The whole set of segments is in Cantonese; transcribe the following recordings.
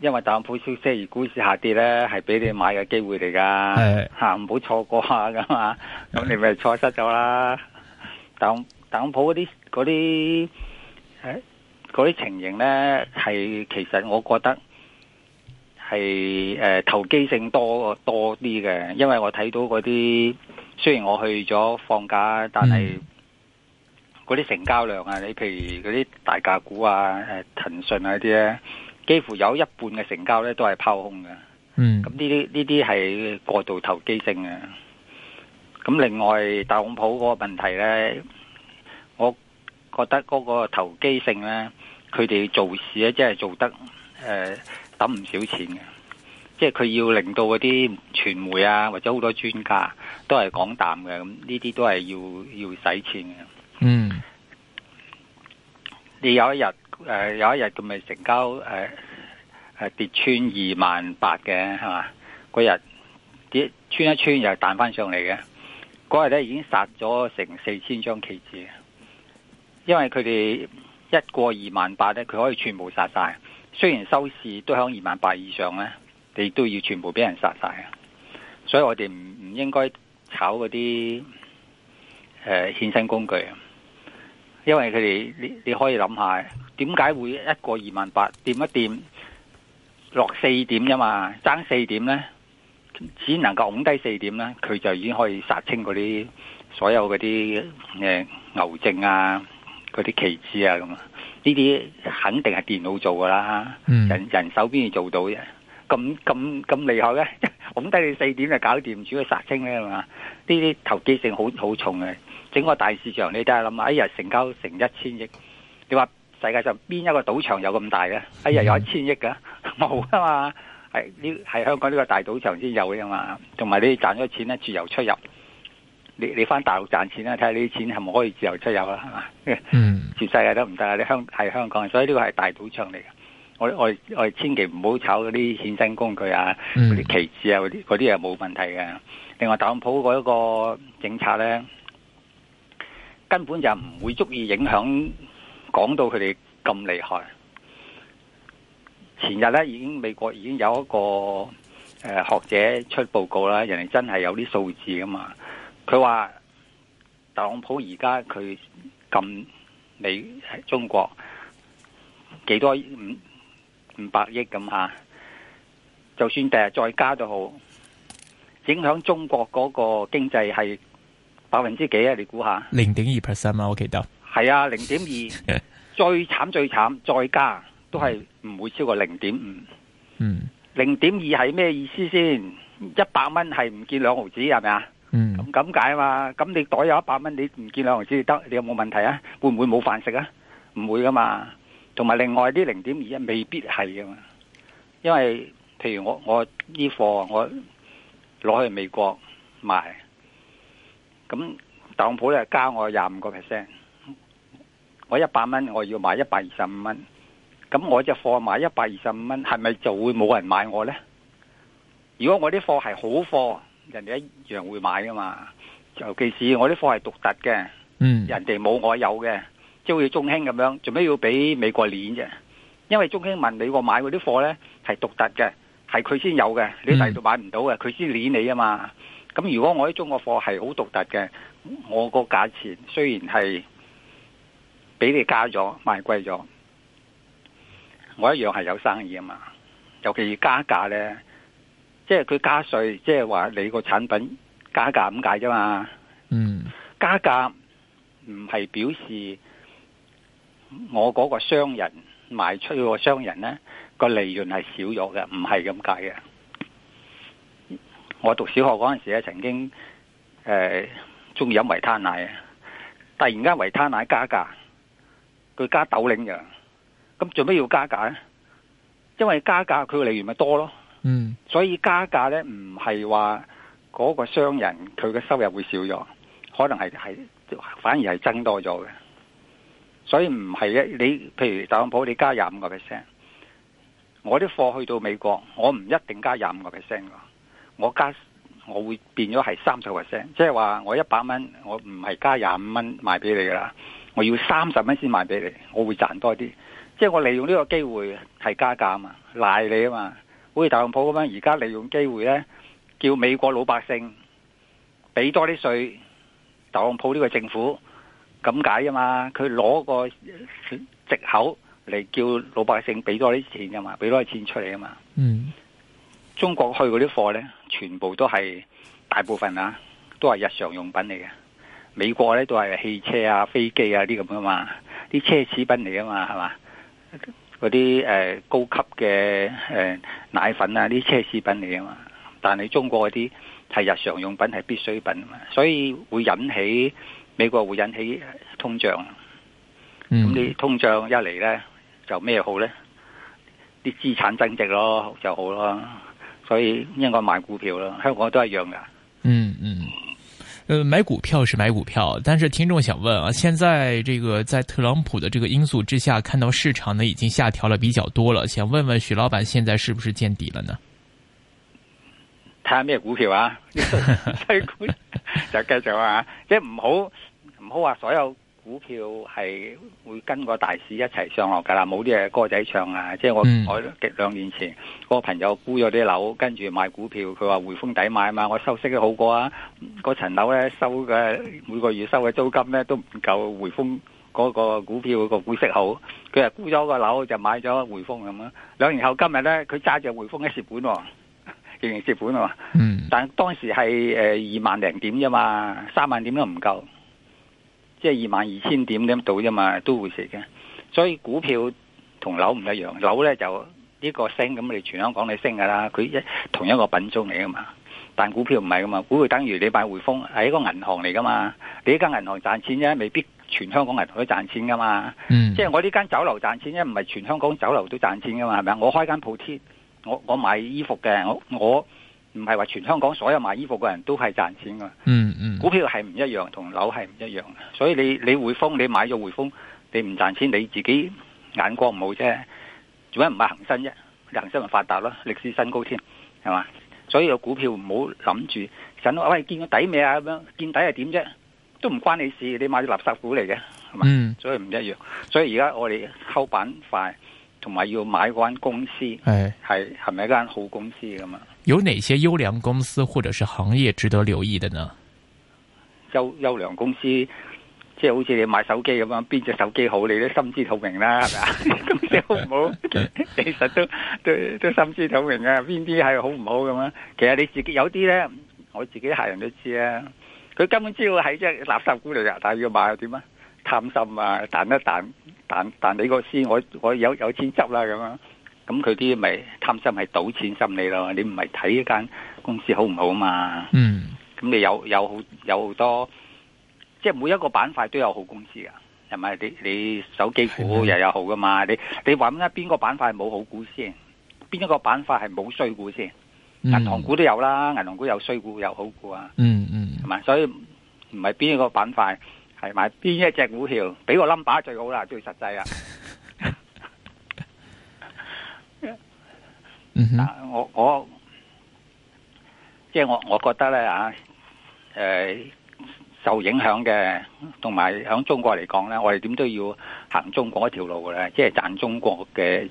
因為特朗普消息而股市下跌咧，係俾你買嘅機會嚟噶，吓唔好錯過下噶嘛，咁的你咪錯失咗啦。但特朗普嗰啲嗰啲誒嗰啲情形咧，係，其實我覺得係誒、呃、投機性多多啲嘅，因為我睇到嗰啲雖然我去咗放假，但係嗰啲成交量啊，你譬如嗰啲大價股啊，誒騰訊啊啲咧。幾乎有一半嘅成交咧都係拋空嘅，嗯，咁呢啲呢啲係過度投機性嘅。咁另外特朗普嗰個問題咧，我覺得嗰個投機性咧，佢哋做事咧即係做得誒抌唔少錢嘅，即係佢要令到嗰啲傳媒啊或者好多專家都係講淡嘅，咁呢啲都係要要使錢嘅。嗯，你有一日。誒、呃，有一日佢咪成交誒誒、呃、跌穿二萬八嘅係嘛？嗰日跌穿一穿又彈翻上嚟嘅，嗰日咧已經殺咗成四千張期指，因為佢哋一過二萬八咧，佢可以全部殺晒。雖然收市都響二萬八以上咧，你都要全部俾人殺晒啊！所以我哋唔唔應該炒嗰啲誒衍生工具啊。因為佢哋你你可以諗下，點解會一個二萬八掂一掂落四點啫嘛？爭四點咧，只能夠拱低四點咧，佢就已經可以殺清嗰啲所有嗰啲誒牛證啊，嗰啲旗幟啊咁。呢啲肯定係電腦做噶啦，人人手邊做到啫。咁咁咁厲害咧？咁低你四點就搞掂，主要殺清咧嘛？呢啲投機性好好重嘅，整個大市場你都諗諗一日成交成一千億，你話世界上邊一個賭場有咁大嘅？一、哎、日有一千億噶？冇噶嘛？係呢係香港呢個大賭場先有噶嘛？同埋你賺咗錢咧，自由出入，你你翻大陸賺錢啦，睇下你啲錢係咪可以自由出入啦？係嘛、嗯？全世界都唔得啊？你香係香港，所以呢個係大賭場嚟嘅。我我我哋千祈唔好炒嗰啲衍生工具啊，嗰啲期指啊，嗰啲啲又冇問題嘅。另外，特朗普嗰一個政策咧，根本就唔會足以影響講到佢哋咁厲害。前日咧已經美國已經有一個誒、呃、學者出報告啦，人哋真係有啲數字㗎嘛。佢話特朗普而家佢禁你係中國幾多？嗯五百億，咁吓，就算第日再加都好，影響中國嗰個經濟係百分之幾啊？你估下？零點二 percent 啊，我記得。係啊，零點二，最慘最慘，再加都係唔會超過零點五。嗯，零點二係咩意思先？一百蚊係唔見兩毫子係咪啊？嗯，咁咁解啊嘛。咁你袋有一百蚊，你唔見兩毫子就得，你有冇問題啊？會唔會冇飯食啊？唔會噶嘛。同埋另外啲零點二一未必係嘅嘛，因為譬如我我呢貨我攞去美國賣，咁當普特朗普就加我廿五個 percent，我一百蚊我要賣一百二十五蚊，咁我隻貨賣一百二十五蚊，係咪就會冇人買我呢？如果我啲貨係好貨，人哋一樣會買㗎嘛，尤其是我啲貨係獨特嘅，嗯、人哋冇我有嘅。即好似中興咁樣，做咩要俾美國碾啫？因為中興問美國買嗰啲貨咧係獨特嘅，係佢先有嘅，你嚟到買唔到嘅，佢先碾你啊嘛。咁如果我喺中國貨係好獨特嘅，我個價錢雖然係俾你加咗，賣貴咗，我一樣係有生意啊嘛。尤其而加價咧，即係佢加稅，即係話你個產品加價咁解啫嘛。嗯，加價唔係表示。我嗰個商人賣出去個商人咧個利潤係少咗嘅，唔係咁解嘅。我讀小學嗰陣時咧，曾經誒中意飲維他奶啊，突然間維他奶加價，佢加豆領嘅，咁做咩要加價咧？因為加價佢嘅利潤咪多咯。嗯，所以加價咧唔係話嗰個商人佢嘅收入會少咗，可能係係反而係增多咗嘅。所以唔係一你，譬如特朗普你加廿五個 percent，我啲貨去到美國，我唔一定加廿五個 percent 噶，我加我會變咗係三十個 percent，即係話我一百蚊，我唔係加廿五蚊賣畀你噶啦，我要三十蚊先賣畀你，我會賺多啲，即係我利用呢個機會係加價啊嘛，賴你啊嘛，好似特朗普咁樣，而家利用機會咧，叫美國老百姓俾多啲稅，特朗普呢個政府。咁解啊嘛，佢攞個藉口嚟叫老百姓俾多啲錢啊嘛，俾多啲錢出嚟啊嘛。嗯，中國去嗰啲貨咧，全部都係大部分啊，都係日常用品嚟嘅。美國咧都係汽車啊、飛機啊啲咁噶嘛，啲奢侈品嚟噶嘛，係嘛？嗰啲誒高級嘅誒、呃、奶粉啊，啲奢侈品嚟噶嘛。但係你中國嗰啲。係日常用品，係必需品，所以會引起美國會引起通脹。咁你、嗯、通脹一嚟呢，就咩好呢？啲資產增值咯就好咯，所以應該買股票咯。香港都一樣噶、嗯。嗯嗯，誒，買股票是買股票，但是聽眾想問啊，現在這個在特朗普的這個因素之下，看到市場呢已經下調了比較多了，想問問徐老闆，現在是不是見底了呢？睇下咩股票啊！ 就繼續啊，即係唔好唔好話所有股票係會跟個大市一齊上落噶啦，冇啲嘢歌仔唱啊！即、就、係、是、我、嗯、我兩年前嗰、那個朋友沽咗啲樓，跟住買股票，佢話匯豐抵買啊嘛，我收息都好過啊。嗰層樓咧收嘅每個月收嘅租金咧都唔夠匯豐嗰個股票個股息好，佢啊沽咗個樓就買咗匯豐咁啊。兩年後今日咧，佢揸住匯豐嘅蝕本，啊。跌完蝕本啊嘛，但當時係誒二萬零點啫嘛，三萬點都唔夠，即係二萬二千點點到啫嘛，都會蝕嘅。所以股票同樓唔一樣，樓咧就呢個升咁，你全香港你升噶啦，佢一同一個品種嚟噶嘛。但係股票唔係噶嘛，股票等於你買匯豐係一個銀行嚟噶嘛，你呢間銀行賺錢啫，未必全香港銀行都賺錢噶嘛。嗯，即係我呢間酒樓賺錢啫，唔係全香港酒樓都賺錢噶嘛，係咪啊？我開間鋪添。我我買衣服嘅，我我唔係話全香港所有買衣服嘅人都係賺錢噶、嗯。嗯嗯，股票係唔一樣，同樓係唔一樣。所以你你匯豐你買咗匯豐，你唔賺錢，你自己眼光唔好啫。做咩唔買恒生啫？恒生咪發達咯，歷史新高添，係嘛？所以個股票唔好諗住想，喂，見個底未啊？咁樣見底係點啫？都唔關你事，你買啲垃圾股嚟嘅，係嘛？嗯，所以唔一樣。所以而家我哋溝板塊。同埋要買間公司，係係咪一間好公司噶嘛？有哪些優良公司或者是行業值得留意嘅呢？優優良公司，即係好似你買手機咁樣，邊隻手機好，你都心知肚明啦。咁 好唔好？ 其實都都都，都心知肚明噶，邊啲係好唔好咁啊？其實你自己有啲咧，我自己客人都知啊。佢根本知道係隻垃圾股嚟噶，但係要買又點啊？貪心啊，彈一彈，彈彈你個先，我我有有錢執啦咁樣，咁佢啲咪貪心係賭錢心理咯，你唔係睇一間公司好唔好嘛？嗯，咁你有有好有好多，即係每一個板塊都有好公司噶，係咪？你你手機股又有好噶嘛？嗯、你你揾一邊個板塊冇好股先？邊一個板塊係冇衰股先？銀行股都有啦，銀行股有衰股有好股啊。嗯嗯，係嘛？所以唔係邊一個板塊。買邊一隻股票，俾個 number 最好啦，最實際啊。嗯哼。我、就是、我即係我我覺得咧啊，誒、呃，受影響嘅，同埋喺中國嚟講咧，我哋點都要行中國一條路嘅咧，即、就、係、是、賺中國嘅誒、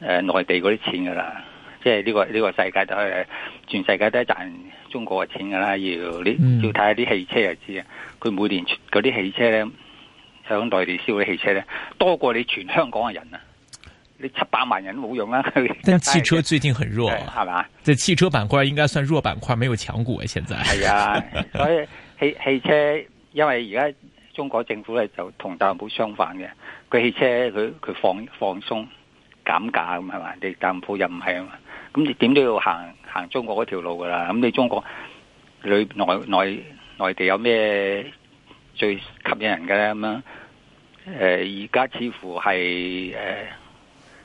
呃、內地嗰啲錢噶啦。即係呢個呢個世界都係，全世界都係賺中國嘅錢㗎啦。要你要睇下啲汽車就知啊。佢每年嗰啲汽車咧，響內地銷嘅汽車咧，多過你全香港嘅人啊！你七百萬人都冇用啦。但係汽車最近很弱，係嘛？即係汽車版塊應該算弱版塊，沒有強股啊！現在係啊，所以汽汽車因為而家中國政府咧就同特朗普相反嘅，佢汽車佢佢放放鬆減價咁係嘛？你特朗普又唔係啊嘛～咁你點都要行行中國嗰條路噶啦，咁你中國裏內內內地有咩最吸引人嘅咧？咁樣誒，而、呃、家似乎係誒、呃，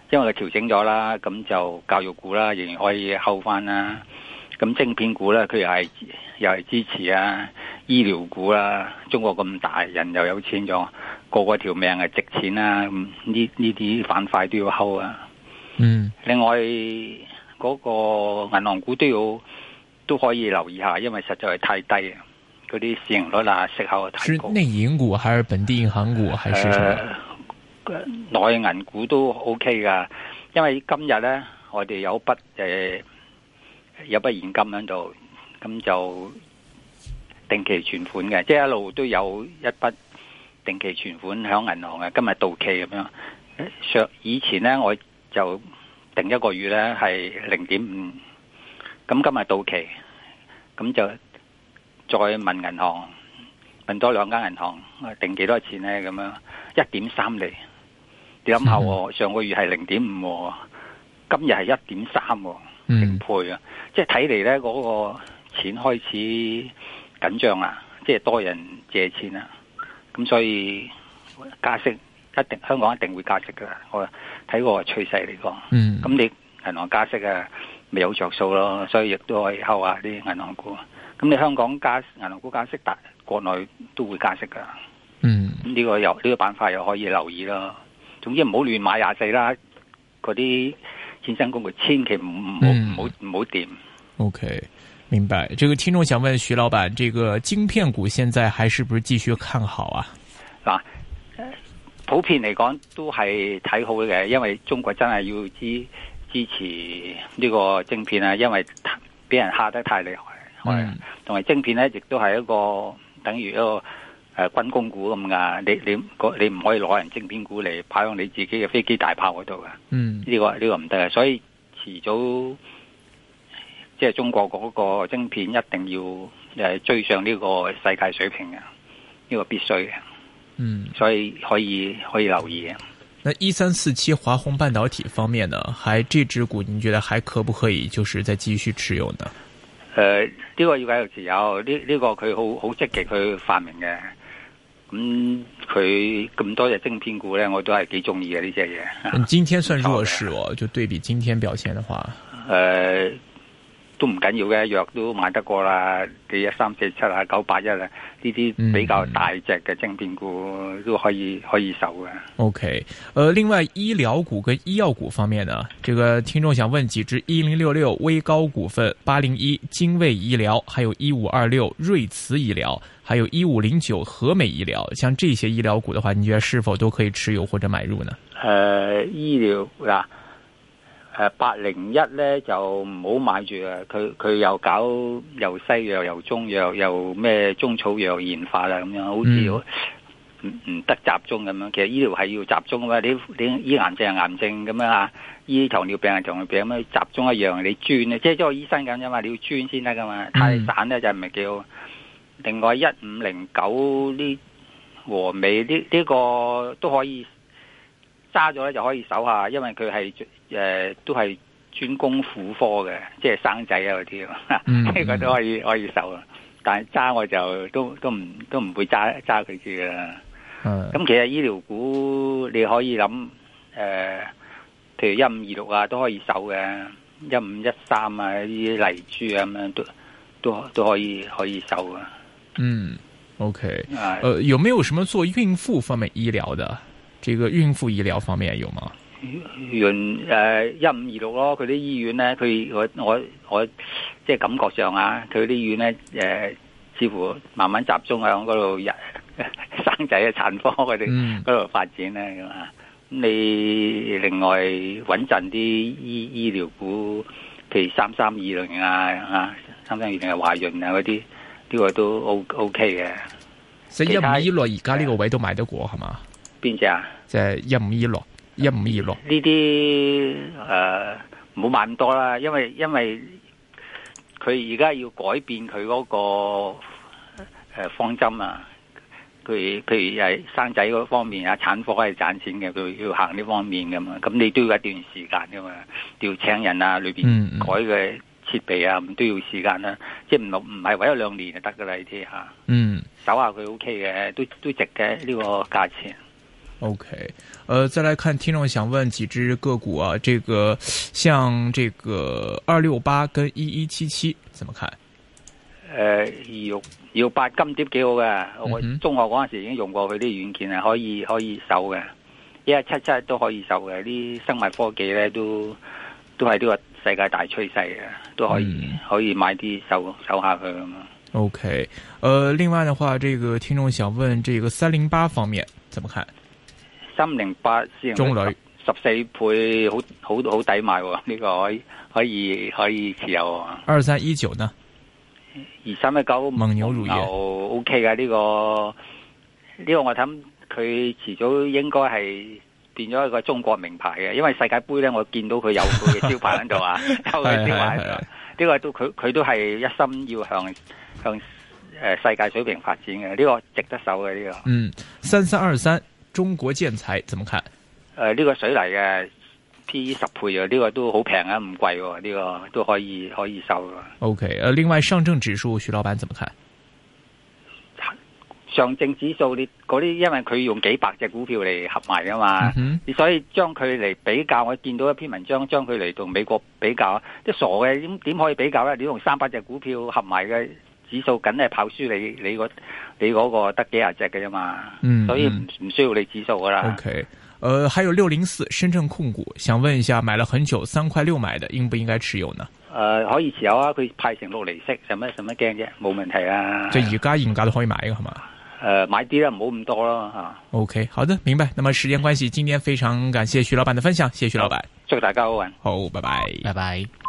因為佢調整咗啦，咁就教育股啦，仍然可以 hold 翻啦。咁晶片股咧，佢又係又係支持啊，醫療股啦、啊，中國咁大，人又有錢咗，個個條命係值錢啦、啊，呢呢啲板塊都要 hold 啊。嗯，另外。嗰個銀行股都要，都可以留意下，因為實在係太低啊！嗰啲市盈率啦、息口啊，息口太高。是內銀股還是本地銀行股還是？誒、呃，內銀股都 OK 噶，因為今日呢，我哋有筆誒、呃、有筆現金喺度，咁就定期存款嘅，即係一路都有一筆定期存款響銀行嘅，今日到期咁樣。上以前呢，我就。定一個月咧係零點五，咁今日到期，咁就再問銀行，問多兩間銀行定幾多錢咧？咁樣一點三厘，你諗下，嗯、上個月係零點五，今日係一點三，成倍啊！即係睇嚟咧，嗰個錢開始緊張啊，即係多人借錢啊，咁所以加息。一定香港一定會加息噶，我睇個趨勢嚟講，咁、嗯、你銀行加息啊，未有着數咯，所以亦都可以敲下啲銀行股。咁你香港加銀行股加息，但國內都會加息噶。嗯，呢個又呢、這個板塊又可以留意咯。總之唔好亂買廿四啦，嗰啲衍生工具千祈唔好唔好唔好掂。嗯、碰 o、okay, K，明白。這個聽眾想問徐老闆，這個晶片股現在還是不是繼續看好啊？啊？普遍嚟講都係睇好嘅，因為中國真係要支支持呢個晶片啊，因為俾人嚇得太厲害。嗯的。同埋晶片咧，亦都係一個等於一個誒、呃、軍工股咁噶。你你你唔可以攞人晶片股嚟擺喺你自己嘅飛機大炮嗰度噶。嗯的。呢個呢個唔得啊！所以遲早即係中國嗰個晶片一定要誒追上呢個世界水平嘅，呢個必須嘅。嗯，所以可以可以留意那一三四七華虹半導體方面呢，還這支股，你覺得還可不可以，就是再繼續持有呢？誒、呃，呢、這個要繼續持有，呢、這、呢個佢好好積極去發明嘅。咁佢咁多隻晶片股咧，我都係幾中意嘅呢隻嘢。今天算弱勢哦，就對比今天表現嘅話。誒、呃。都唔緊要嘅，藥都買得過啦。幾一三四七啊，九八一啊，呢啲比較大隻嘅晶片股都可以可以守嘅。OK，誒、呃，另外醫療股跟醫藥股方面呢？這個聽眾想問幾支：一零六六威高股份、八零一精衛醫療，還有一五二六瑞慈醫療，還有一五零九和美醫療，像這些醫療股的話，你覺得是否都可以持有或者買入呢？誒、呃，醫療嗱。啊誒，八零一咧，就唔好買住啊！佢佢又搞又西藥又中藥又咩中草藥研發啦，咁樣好似好唔唔得集中咁樣。其實醫療係要集中噶嘛，你你醫癌症係癌症咁啊，醫糖尿病係糖尿病咁樣集中一樣，你專咧，即係即係醫生咁樣嘛，你要專先得噶嘛，太、嗯、散咧，就唔係幾好。另外一五零九呢，和美呢呢、這個都可以。揸咗咧就可以守下，因為佢係誒都係專攻婦科嘅，即係生仔啊嗰啲咯，咁佢、嗯嗯、 都可以可以守。但係揸我就都都唔都唔會揸揸佢住嘅啦。咁、啊嗯、其實醫療股你可以諗誒，譬、呃、如一五二六啊都可以守嘅、啊，一五一三啊啲麗珠啊咁樣都都都可以可以守嘅。嗯，OK，誒、呃，有冇有什麼做孕婦方面醫療嘅？呢個孕婦醫療方面有嗎？雲誒，一五二六咯。佢啲醫院咧，佢我我我即係感覺上啊，佢啲醫院咧誒、呃，似乎慢慢集中響嗰度生仔啊產科佢哋嗰度發展咧咁啊。咁、嗯、你另外穩陣啲醫醫療股，譬如三三二零啊，三三二零係華潤啊嗰啲，呢個都 OK 嘅。即係一五二六而家呢個位都買得過係嘛？他邊隻啊？即係一五一六，一五二六呢啲誒，唔好買咁多啦，因為因為佢而家要改變佢嗰、那個誒、呃、方針啊。佢譬如係生仔嗰方面啊，產科係賺錢嘅，佢要行呢方面噶嘛。咁你都要一段時間噶嘛，要請人啊，裏邊改嘅設備啊，嗯、都要時間啦。嗯、即係唔唔係有兩年就得噶啦呢啲吓。你啊、嗯，手下佢 OK 嘅，都都值嘅呢、這個價錢。OK，呃，再來看聽眾想問幾支個股啊？這個像這個二六八跟一一七七怎麼看？誒、呃，二六二六八金碟幾好㗎？嗯、哼我中學嗰陣時已經用過佢啲軟件啊，可以可以搜嘅，一一七七都可以搜嘅。啲生物科技咧都都係呢個世界大趨勢嘅，都可以、嗯、可以買啲搜搜下佢咯。OK，呃，另外的話，這個聽眾想問這個三零八方面怎麼看？三零八先，十四倍好好好抵買喎，呢個可以可以可以持有。二三一九呢？二三一九蒙牛乳業 OK 㗎，呢個呢個我諗佢遲早應該係變咗一個中國名牌嘅，因為世界盃咧我見到佢有佢嘅招牌喺度啊，有佢招牌喺度，呢個都佢佢都係一心要向向誒世界水平發展嘅，呢個值得守嘅呢個。嗯，三三二三。中國建材怎麼看？誒、呃，呢、這個水泥嘅 P E 十倍啊，呢、這個都好平啊，唔貴、哦，呢、這個都可以可以收。OK，、呃、另外上證指數，徐老闆怎麼看？上證指數你嗰啲，因為佢用幾百隻股票嚟合埋噶嘛，你、嗯、哼所以將佢嚟比較，我見到一篇文章，將佢嚟同美國比較，即傻嘅點點可以比較咧？你用三百隻股票合埋嘅。指數梗係跑輸你你、那個你嗰個得幾廿隻嘅啫嘛，嗯嗯、所以唔唔需要你指數噶啦。O K，誒，還有六零四深圳控股，想問一下，買了很久，三塊六買的，應不應該持有呢？誒、呃，可以持有啊，佢派成六厘息，使乜使乜驚啫，冇問題啊。即係而家、而家都可以買一個，係嘛？誒、呃，買啲啦，唔好咁多咯吓。OK，好的，明白。那麼時間關係，今天非常感謝徐老闆的分享，謝謝徐老闆，祝大家好運。好，拜拜，拜拜。